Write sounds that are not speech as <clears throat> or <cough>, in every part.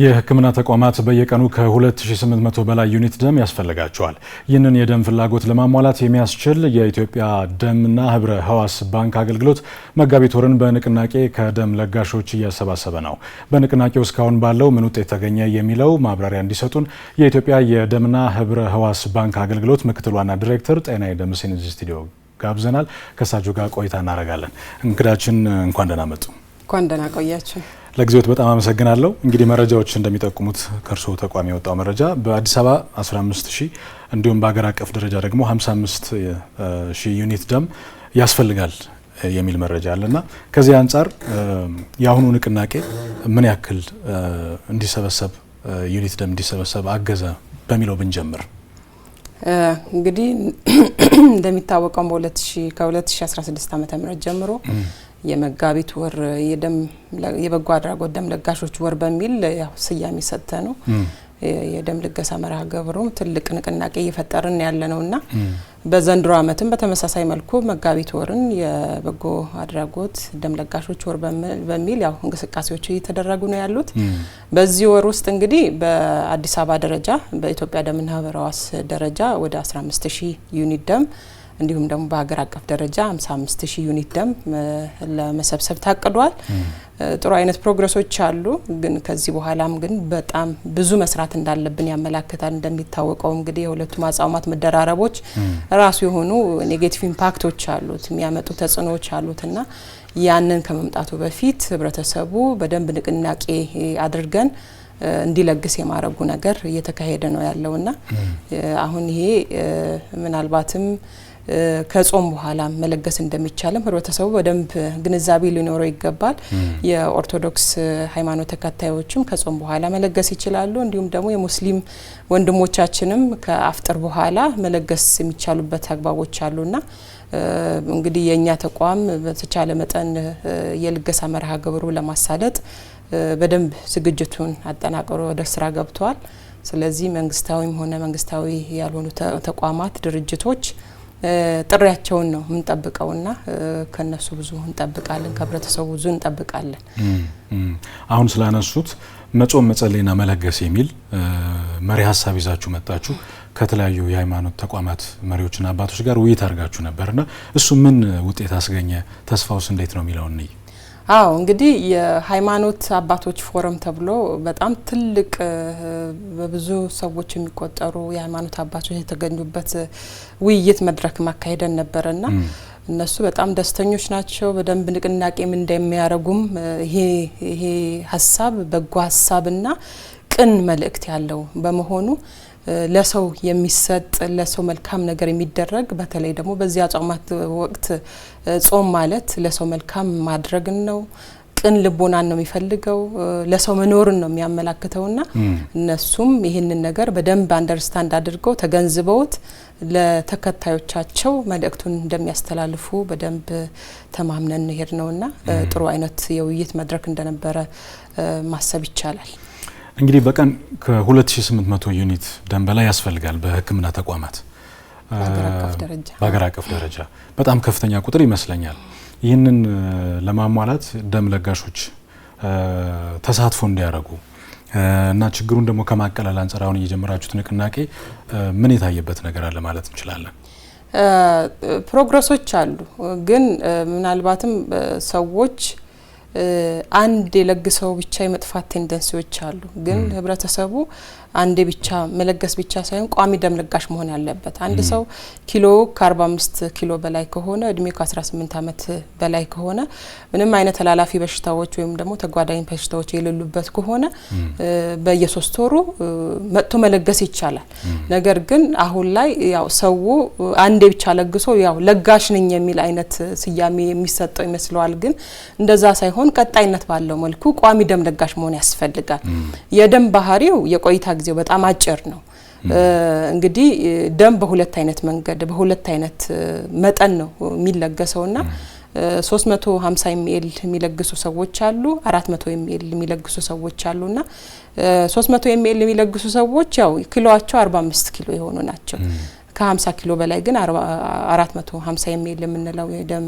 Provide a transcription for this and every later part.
የሕክምና ተቋማት በየቀኑ ከ2800 በላይ ዩኒት ደም ያስፈልጋቸዋል። ይህንን የደም ፍላጎት ለማሟላት የሚያስችል የኢትዮጵያ ደምና ህብረ ህዋስ ባንክ አገልግሎት መጋቢት ወርን በንቅናቄ ከደም ለጋሾች እያሰባሰበ ነው። በንቅናቄው እስካሁን ባለው ምን ውጤት ተገኘ የሚለው ማብራሪያ እንዲሰጡን የኢትዮጵያ የደምና ህብረ ህዋስ ባንክ አገልግሎት ምክትል ዋና ዲሬክተር ጤና የደምሴን እዚህ ስቱዲዮ ጋብዘናል። ከሳጁ ጋር ቆይታ እናደርጋለን። እንግዳችን እንኳን ደህና መጡ። እንኳን ደህና ቆያችን ለጊዜዎት በጣም አመሰግናለሁ። እንግዲህ መረጃዎች እንደሚጠቁሙት ከእርስዎ ተቋም የወጣው መረጃ በአዲስ አበባ 15 ሺህ እንዲሁም በሀገር አቀፍ ደረጃ ደግሞ 55 ሺህ ዩኒት ደም ያስፈልጋል የሚል መረጃ አለ እና ከዚህ አንጻር የአሁኑ ንቅናቄ ምን ያክል እንዲሰበሰብ ዩኒት ደም እንዲሰበሰብ አገዘ በሚለው ብንጀምር እንግዲህ <clears throat> እንደሚታወቀው በ2016 ዓ ም ጀምሮ የመጋቢት ወር የበጎ አድራጎት ደም ለጋሾች ወር በሚል ያው ስያሜ ሰጥተ ነው የደም ልገሳ መርሃ ግብሩም ትልቅ ንቅናቄ እየፈጠርን ያለ ነውና በዘንድሮ ዓመትም በተመሳሳይ መልኩ መጋቢት ወርን የበጎ አድራጎት ደም ለጋሾች ወር በሚል ያው እንቅስቃሴዎች እየተደረጉ ነው ያሉት። በዚህ ወር ውስጥ እንግዲህ በአዲስ አበባ ደረጃ በኢትዮጵያ ደምና ህብረ ደረጃ ወደ 15000 ዩኒት ደም እንዲሁም ደግሞ በሀገር አቀፍ ደረጃ 55 ሺህ ዩኒት ደም ለመሰብሰብ ታቅዷል። ጥሩ አይነት ፕሮግረሶች አሉ። ግን ከዚህ በኋላም ግን በጣም ብዙ መስራት እንዳለብን ያመላክታል። እንደሚታወቀው እንግዲህ የሁለቱ አጽዋማት መደራረቦች ራሱ የሆኑ ኔጌቲቭ ኢምፓክቶች አሉት፣ የሚያመጡ ተጽዕኖዎች አሉትና ያንን ከመምጣቱ በፊት ህብረተሰቡ በደንብ ንቅናቄ አድርገን እንዲለግስ የማረጉ ነገር እየተካሄደ ነው ያለውና አሁን ይሄ ምናልባትም ከጾም በኋላ መለገስ እንደሚቻልም ህብረተሰቡ በደንብ ግንዛቤ ሊኖረው ይገባል። የኦርቶዶክስ ሃይማኖት ተከታዮችም ከጾም በኋላ መለገስ ይችላሉ። እንዲሁም ደግሞ የሙስሊም ወንድሞቻችንም ከአፍጥር በኋላ መለገስ የሚቻሉበት አግባቦች አሉና እንግዲህ የእኛ ተቋም በተቻለ መጠን የልገሳ መርሃ ግብሩ ለማሳለጥ በደንብ ዝግጅቱን አጠናቅሮ ወደ ስራ ገብተዋል። ስለዚህ መንግስታዊም ሆነ መንግስታዊ ያልሆኑ ተቋማት፣ ድርጅቶች ጥሪያቸውን ነው የምንጠብቀውና ከነሱ ብዙ እንጠብቃለን፣ ከህብረተሰቡ ብዙ እንጠብቃለን። አሁን ስላነሱት መጾም መጸለይና መለገስ የሚል መሪ ሀሳብ ይዛችሁ መጣችሁ። ከተለያዩ የሃይማኖት ተቋማት መሪዎችና አባቶች ጋር ውይይት አድርጋችሁ ነበርና እሱ ምን ውጤት አስገኘ? ተስፋውስ እንዴት ነው የሚለውን እንይ። አዎ እንግዲህ የሃይማኖት አባቶች ፎረም ተብሎ በጣም ትልቅ በብዙ ሰዎች የሚቆጠሩ የሃይማኖት አባቶች የተገኙበት ውይይት መድረክ ማካሄደን ነበረና እነሱ በጣም ደስተኞች ናቸው። በደንብ ንቅናቄም እንደሚያደርጉም ይሄ ይሄ ሀሳብ በጎ ሀሳብና ቅን መልእክት ያለው በመሆኑ ለሰው የሚሰጥ ለሰው መልካም ነገር የሚደረግ በተለይ ደግሞ በዚያ ጾማት ወቅት ጾም ማለት ለሰው መልካም ማድረግን ነው። ቅን ልቦናን ነው የሚፈልገው። ለሰው መኖርን ነው የሚያመላክተውና እነሱም ይህንን ነገር በደንብ አንደርስታንድ አድርገው ተገንዝበውት ለተከታዮቻቸው መልእክቱን እንደሚያስተላልፉ በደንብ ተማምነን ሄድ ነውና ጥሩ አይነት የውይይት መድረክ እንደነበረ ማሰብ ይቻላል። እንግዲህ በቀን ከ2800 ዩኒት ደም በላይ ያስፈልጋል በህክምና ተቋማት በሀገር አቀፍ ደረጃ በጣም ከፍተኛ ቁጥር ይመስለኛል። ይህንን ለማሟላት ደም ለጋሾች ተሳትፎ እንዲያደርጉ እና ችግሩን ደግሞ ከማቀለል አንጻር አሁን እየጀመራችሁት ንቅናቄ ምን የታየበት ነገር አለ ማለት እንችላለን? ፕሮግረሶች አሉ፣ ግን ምናልባትም ሰዎች አንድ የለግሰው ብቻ የመጥፋት ቴንደንሲዎች አሉ። ግን ህብረተሰቡ አንዴ ብቻ መለገስ ብቻ ሳይሆን ቋሚ ደም ለጋሽ መሆን ያለበት። አንድ ሰው ኪሎ ከ45 ኪሎ በላይ ከሆነ እድሜው ከ18 ዓመት በላይ ከሆነ ምንም አይነት ተላላፊ በሽታዎች ወይም ደግሞ ተጓዳኝ በሽታዎች የሌሉበት ከሆነ በየሶስት ወሩ መጥቶ መለገስ ይቻላል። ነገር ግን አሁን ላይ ያው ሰው አንዴ ብቻ ለግሶ ያው ለጋሽ ነኝ የሚል አይነት ስያሜ የሚሰጠው ይመስለዋል። ግን እንደዛ ሳይሆን ቀጣይነት ባለው መልኩ ቋሚ ደም ለጋሽ መሆን ያስፈልጋል። የደም ባህሪው የቆይታ ጊዜው በጣም አጭር ነው። እንግዲህ ደም በሁለት አይነት መንገድ በሁለት አይነት መጠን ነው የሚለገሰው የሚለገሰውና 350 ሚል የሚለግሱ ሰዎች አሉ። 400 ሚል የሚለግሱ ሰዎች አሉና 300 ሚል የሚለግሱ ሰዎች ያው ኪሎዋቸው 45 ኪሎ የሆኑ ናቸው። ከ50 ኪሎ በላይ ግን 450 የሚል የምንለው የደም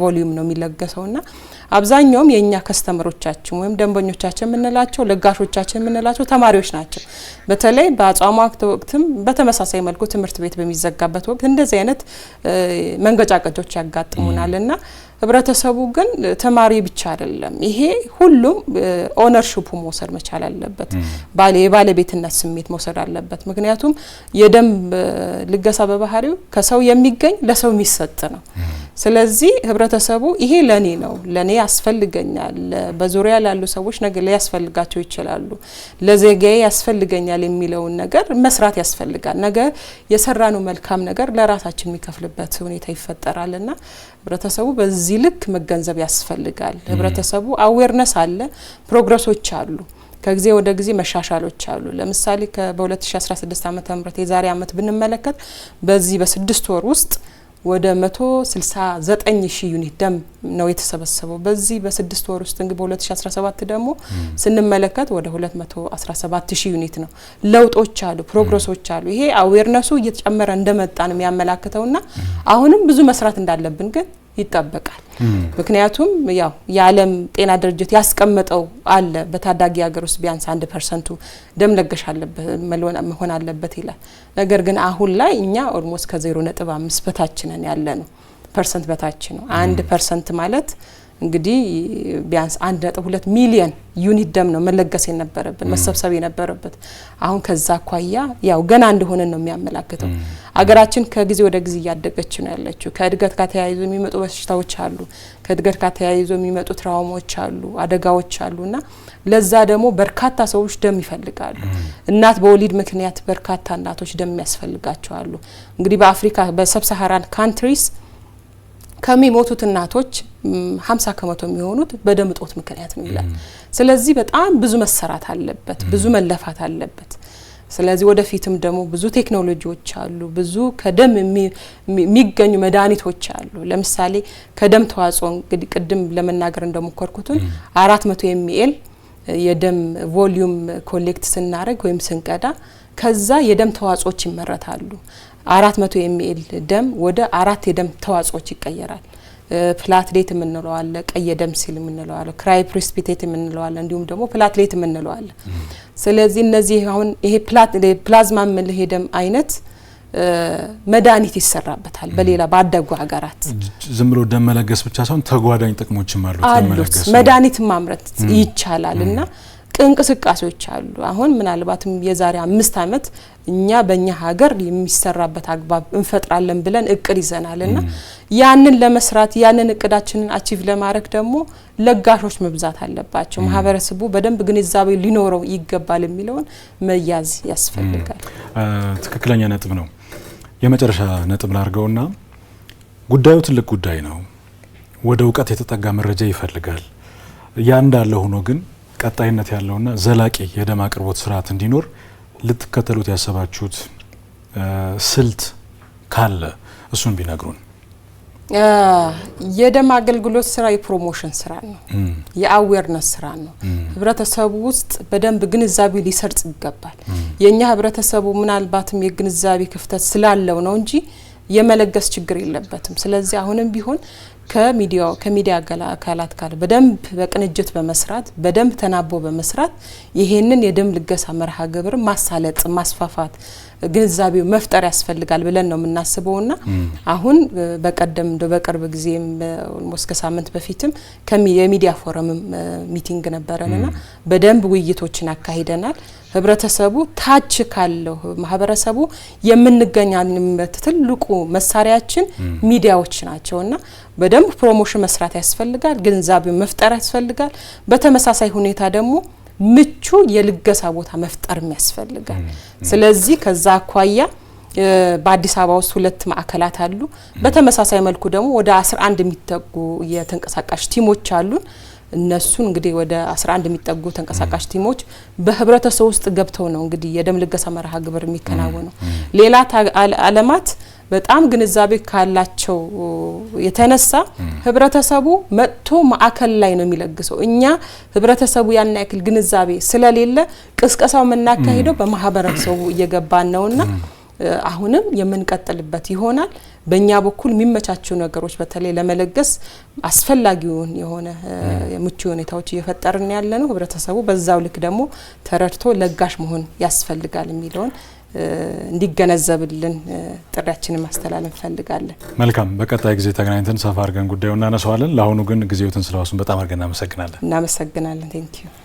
ቮሊዩም ነው የሚለገሰው ና አብዛኛውም የእኛ ከስተመሮቻችን ወይም ደንበኞቻችን የምንላቸው ለጋሾቻችን የምንላቸው ተማሪዎች ናቸው። በተለይ ወቅት ወቅትም በተመሳሳይ መልኩ ትምህርት ቤት በሚዘጋበት ወቅት እንደዚህ አይነት መንገጫቀጮች ያጋጥሙናል ና ህብረተሰቡ ግን ተማሪ ብቻ አይደለም። ይሄ ሁሉም ኦነርሽፑ መውሰድ መቻል አለበት፣ የባለቤትነት ስሜት መውሰድ አለበት። ምክንያቱም የደንብ ልገሳ በባህሪው ከሰው የሚገኝ ለሰው የሚሰጥ ነው። ስለዚህ ህብረተሰቡ ይሄ ለኔ ነው፣ ለኔ ያስፈልገኛል፣ በዙሪያ ላሉ ሰዎች ነገ ሊያስፈልጋቸው ይችላሉ፣ ለዜጋዬ ያስፈልገኛል የሚለውን ነገር መስራት ያስፈልጋል። ነገ የሰራነው መልካም ነገር ለራሳችን የሚከፍልበት ሁኔታ ይፈጠራል እና ህብረተሰቡ በዚህ ልክ መገንዘብ ያስፈልጋል። ህብረተሰቡ አዌርነስ አለ፣ ፕሮግረሶች አሉ፣ ከጊዜ ወደ ጊዜ መሻሻሎች አሉ። ለምሳሌ በ2016 ዓ ም የዛሬ ዓመት ብንመለከት በዚህ በስድስት ወር ውስጥ ወደ 169 ሺህ ዩኒት ደም ነው የተሰበሰበው። በዚህ በስድስት ወር ውስጥ እንግዲህ በ2017 ደግሞ ስንመለከት ወደ 217 ሺህ ዩኒት ነው። ለውጦች አሉ፣ ፕሮግረሶች አሉ። ይሄ አዌርነሱ እየተጨመረ እንደመጣ ነው የሚያመላክተውና አሁንም ብዙ መስራት እንዳለብን ግን ይጠበቃል። ምክንያቱም ያው የዓለም ጤና ድርጅት ያስቀመጠው አለ በታዳጊ ሀገር ውስጥ ቢያንስ አንድ ፐርሰንቱ ደም ለገሽ አለበት መሆን አለበት ይላል። ነገር ግን አሁን ላይ እኛ ኦልሞስት ከዜሮ ነጥብ አምስት በታችንን ያለ ነው ፐርሰንት በታች ነው። አንድ ፐርሰንት ማለት እንግዲህ ቢያንስ አንድ ነጥብ ሁለት ሚሊየን ዩኒት ደም ነው መለገስ የነበረብን መሰብሰብ የነበረበት። አሁን ከዛ አኳያ ያው ገና እንደሆነ ነው የሚያመላክተው። አገራችን ከጊዜ ወደ ጊዜ እያደገች ነው ያለችው። ከእድገት ጋር ተያይዞ የሚመጡ በሽታዎች አሉ። ከእድገት ጋር ተያይዞ የሚመጡ ትራውማዎች አሉ፣ አደጋዎች አሉ እና ለዛ ደግሞ በርካታ ሰዎች ደም ይፈልጋሉ። እናት በወሊድ ምክንያት በርካታ እናቶች ደም ያስፈልጋቸዋሉ። እንግዲህ በአፍሪካ በሰብሳሃራን ካንትሪስ ከሚሞቱት እናቶች 50 ከመቶ የሚሆኑት በደም እጦት ምክንያት ነው ይላል። ስለዚህ በጣም ብዙ መሰራት አለበት፣ ብዙ መለፋት አለበት። ስለዚህ ወደፊትም ደግሞ ብዙ ቴክኖሎጂዎች አሉ፣ ብዙ ከደም የሚገኙ መድኃኒቶች አሉ። ለምሳሌ ከደም ተዋጽኦ እንግዲህ ቅድም ለመናገር እንደሞከርኩትን አራት መቶ የሚኤል የደም ቮሊዩም ኮሌክት ስናደርግ ወይም ስንቀዳ ከዛ የደም ተዋጽኦች ይመረታሉ። አራት መቶ የሚል ደም ወደ አራት የደም ተዋጽኦች ይቀየራል። ፕላትሌት የምንለው አለ፣ ቀይ ደም ሲል የምንለው አለ፣ ክራይ ፕሪስፒቴት የምንለው አለ፣ እንዲሁም ደግሞ ፕላትሌት የምንለው አለ። ስለዚህ እነዚህ አሁን ይሄ ፕላዝማ የምንለው የደም አይነት መድኃኒት ይሰራበታል። በሌላ ባደጉ ሀገራት ዝም ብሎ ደም መለገስ ብቻ ሳይሆን ተጓዳኝ ጥቅሞችም አሉት። መድኃኒት ማምረት ይቻላል እና እንቅስቃሴዎች አሉ። አሁን ምናልባትም የዛሬ አምስት ዓመት እኛ በእኛ ሀገር የሚሰራበት አግባብ እንፈጥራለን ብለን እቅድ ይዘናል እና ያንን ለመስራት ያንን እቅዳችንን አቺቭ ለማድረግ ደግሞ ለጋሾች መብዛት አለባቸው። ማህበረሰቡ በደንብ ግንዛቤ ሊኖረው ይገባል የሚለውን መያዝ ያስፈልጋል። ትክክለኛ ነጥብ ነው። የመጨረሻ ነጥብ ላድርገውና ጉዳዩ ትልቅ ጉዳይ ነው። ወደ እውቀት የተጠጋ መረጃ ይፈልጋል። ያ እንዳለ ሆኖ ግን ቀጣይነት ያለውና ዘላቂ የደም አቅርቦት ስርዓት እንዲኖር ልትከተሉት ያሰባችሁት ስልት ካለ እሱን ቢነግሩን። የደም አገልግሎት ስራ የፕሮሞሽን ስራ ነው፣ የአዌርነስ ስራ ነው። ህብረተሰቡ ውስጥ በደንብ ግንዛቤ ሊሰርጽ ይገባል። የእኛ ህብረተሰቡ ምናልባትም የግንዛቤ ክፍተት ስላለው ነው እንጂ የመለገስ ችግር የለበትም። ስለዚህ አሁንም ቢሆን ከሚዲያ ከሚዲያ አካላት ጋር በደንብ በቅንጅት በመስራት በደንብ ተናቦ በመስራት ይሄንን የደም ልገሳ መርሃ ግብር ማሳለጥ፣ ማስፋፋት፣ ግንዛቤው መፍጠር ያስፈልጋል ብለን ነው የምናስበውና አሁን በቀደም እንደ በቅርብ ጊዜ ኦልሞስት ከሳምንት በፊትም የሚዲያ ፎረምም ሚቲንግ ነበረንና በደንብ ውይይቶችን አካሂደናል። ህብረተሰቡ ታች ካለው ማህበረሰቡ የምንገናኝበት ትልቁ መሳሪያችን ሚዲያዎች ናቸውና በደንብ ፕሮሞሽን መስራት ያስፈልጋል። ግንዛቤ መፍጠር ያስፈልጋል። በተመሳሳይ ሁኔታ ደግሞ ምቹ የልገሳ ቦታ መፍጠርም ያስፈልጋል። ስለዚህ ከዛ አኳያ በአዲስ አበባ ውስጥ ሁለት ማዕከላት አሉ። በተመሳሳይ መልኩ ደግሞ ወደ 11 የሚጠጉ የተንቀሳቃሽ ቲሞች አሉን። እነሱን እንግዲህ ወደ 11 የሚጠጉ ተንቀሳቃሽ ቲሞች በህብረተሰብ ውስጥ ገብተው ነው እንግዲህ የደም ልገሳ መርሃ ግብር የሚከናወነው። ሌላ አለማት በጣም ግንዛቤ ካላቸው የተነሳ ህብረተሰቡ መጥቶ ማዕከል ላይ ነው የሚለግሰው። እኛ ህብረተሰቡ ያን ያክል ግንዛቤ ስለሌለ ቅስቀሳው የምናካሂደው በማህበረሰቡ እየገባን ነውና አሁንም የምንቀጥልበት ይሆናል። በእኛ በኩል የሚመቻቸው ነገሮች በተለይ ለመለገስ አስፈላጊውን የሆነ ምቹ ሁኔታዎች እየፈጠርን ያለ ነው። ህብረተሰቡ በዛው ልክ ደግሞ ተረድቶ ለጋሽ መሆን ያስፈልጋል የሚለውን እንዲገነዘብልን ጥሪያችንን ማስተላለፍ እንፈልጋለን። መልካም፣ በቀጣይ ጊዜ ተገናኝተን ሰፋ አድርገን ጉዳዩ እናነሰዋለን። ለአሁኑ ግን ጊዜውትን ስለዋሱን በጣም አድርገን እናመሰግናለን። እናመሰግናለን። ቴንኪዩ